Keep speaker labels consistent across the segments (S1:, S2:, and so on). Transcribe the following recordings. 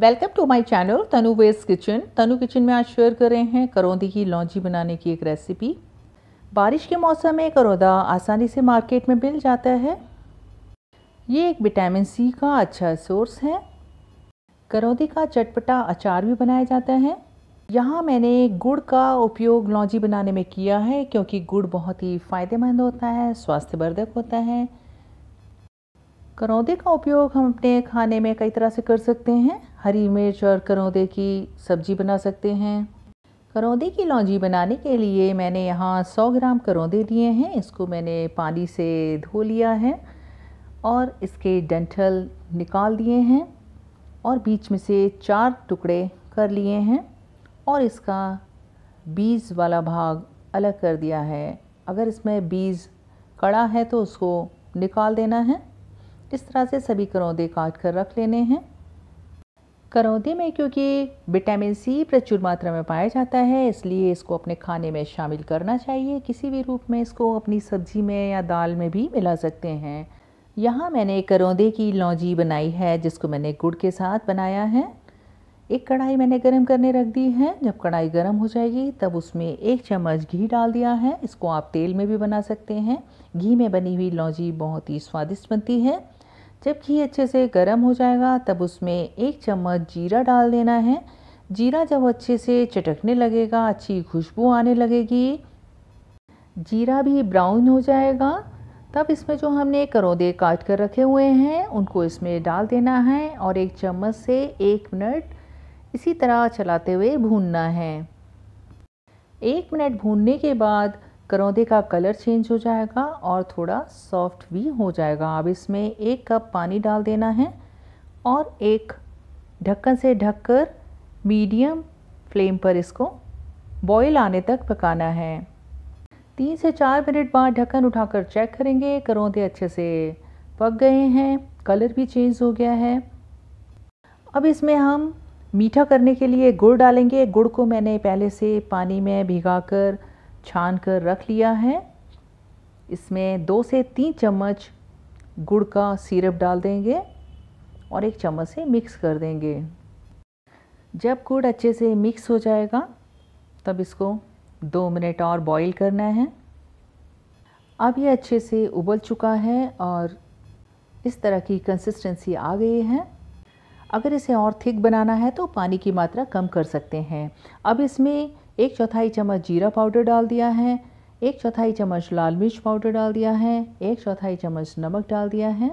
S1: welcome to my channel Tanu veg kitchen Tanu kitchen में आज share कर रहे हैं करौंदी की लौंजी बनाने की एक रेसिपी बारिश के मौसम में करौदा आसानी से मार्केट में मिल जाता है ये एक विटामिन सी का अच्छा सोर्स है करौंदी का चटपटा अचार भी बनाया जाता है यहाँ मैंने गुड़ का उपयोग लौंजी बनाने में किया है क्योंकि गुड़ बहुत ही फ़ायदेमंद होता है स्वास्थ्यवर्धक होता है करौंदे का उपयोग हम अपने खाने में कई तरह से कर सकते हैं हरी मिर्च और करौंदे की सब्ज़ी बना सकते हैं करौंदे की लौंजी बनाने के लिए मैंने यहाँ 100 ग्राम करौंदे लिए हैं इसको मैंने पानी से धो लिया है और इसके डंठल निकाल दिए हैं और बीच में से चार टुकड़े कर लिए हैं और इसका बीज वाला भाग अलग कर दिया है अगर इसमें बीज कड़ा है तो उसको निकाल देना है इस तरह से सभी करौंदे काट कर रख लेने हैं करौंदी में क्योंकि विटामिन सी प्रचुर मात्रा में पाया जाता है इसलिए इसको अपने खाने में शामिल करना चाहिए किसी भी रूप में इसको अपनी सब्जी में या दाल में भी मिला सकते हैं यहाँ मैंने करौंदे की लौजी बनाई है जिसको मैंने गुड़ के साथ बनाया है एक कढ़ाई मैंने गरम करने रख दी है जब कढ़ाई गरम हो जाएगी तब उसमें एक चम्मच घी डाल दिया है इसको आप तेल में भी बना सकते हैं घी में बनी हुई लौजी बहुत ही स्वादिष्ट बनती है जब घी अच्छे से गर्म हो जाएगा तब उसमें एक चम्मच जीरा डाल देना है जीरा जब अच्छे से चटकने लगेगा अच्छी खुशबू आने लगेगी जीरा भी ब्राउन हो जाएगा तब इसमें जो हमने करौदे काट कर रखे हुए हैं उनको इसमें डाल देना है और एक चम्मच से एक मिनट इसी तरह चलाते हुए भूनना है एक मिनट भूनने के बाद करौंदे का कलर चेंज हो जाएगा और थोड़ा सॉफ्ट भी हो जाएगा अब इसमें एक कप पानी डाल देना है और एक ढक्कन से ढककर मीडियम फ्लेम पर इसको बॉईल आने तक पकाना है तीन से चार मिनट बाद ढक्कन उठाकर चेक करेंगे करौंदे अच्छे से पक गए हैं कलर भी चेंज हो गया है अब इसमें हम मीठा करने के लिए गुड़ डालेंगे गुड़ को मैंने पहले से पानी में भिगा कर छान कर रख लिया है इसमें दो से तीन चम्मच गुड़ का सिरप डाल देंगे और एक चम्मच से मिक्स कर देंगे जब गुड़ अच्छे से मिक्स हो जाएगा तब इसको दो मिनट और बॉईल करना है अब ये अच्छे से उबल चुका है और इस तरह की कंसिस्टेंसी आ गई है अगर इसे और थिक बनाना है तो पानी की मात्रा कम कर सकते हैं अब इसमें एक चौथाई चम्मच जीरा पाउडर डाल दिया है एक चौथाई चम्मच लाल मिर्च पाउडर डाल दिया है एक चौथाई चम्मच नमक डाल दिया है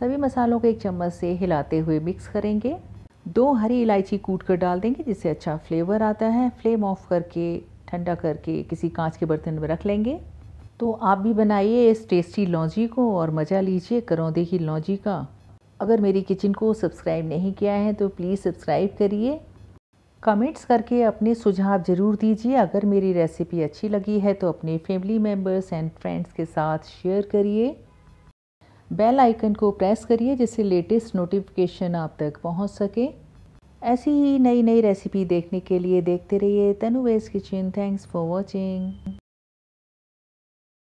S1: सभी मसालों को एक चम्मच से हिलाते हुए मिक्स करेंगे दो हरी इलायची कूट कर डाल देंगे जिससे अच्छा फ्लेवर आता है फ्लेम ऑफ करके ठंडा करके किसी कांच के बर्तन में रख लेंगे तो आप भी बनाइए इस टेस्टी लौजी को और मज़ा लीजिए करौंदे की लौजी का अगर मेरी किचन को सब्सक्राइब नहीं किया है तो प्लीज़ सब्सक्राइब करिए कमेंट्स करके अपने सुझाव ज़रूर दीजिए अगर मेरी रेसिपी अच्छी लगी है तो अपने फैमिली मेम्बर्स एंड फ्रेंड्स के साथ शेयर करिए बेल आइकन को प्रेस करिए जिससे लेटेस्ट नोटिफिकेशन आप तक पहुंच सके ऐसी ही नई नई रेसिपी देखने के लिए देखते रहिए Tanu veg kitchen thanks for watching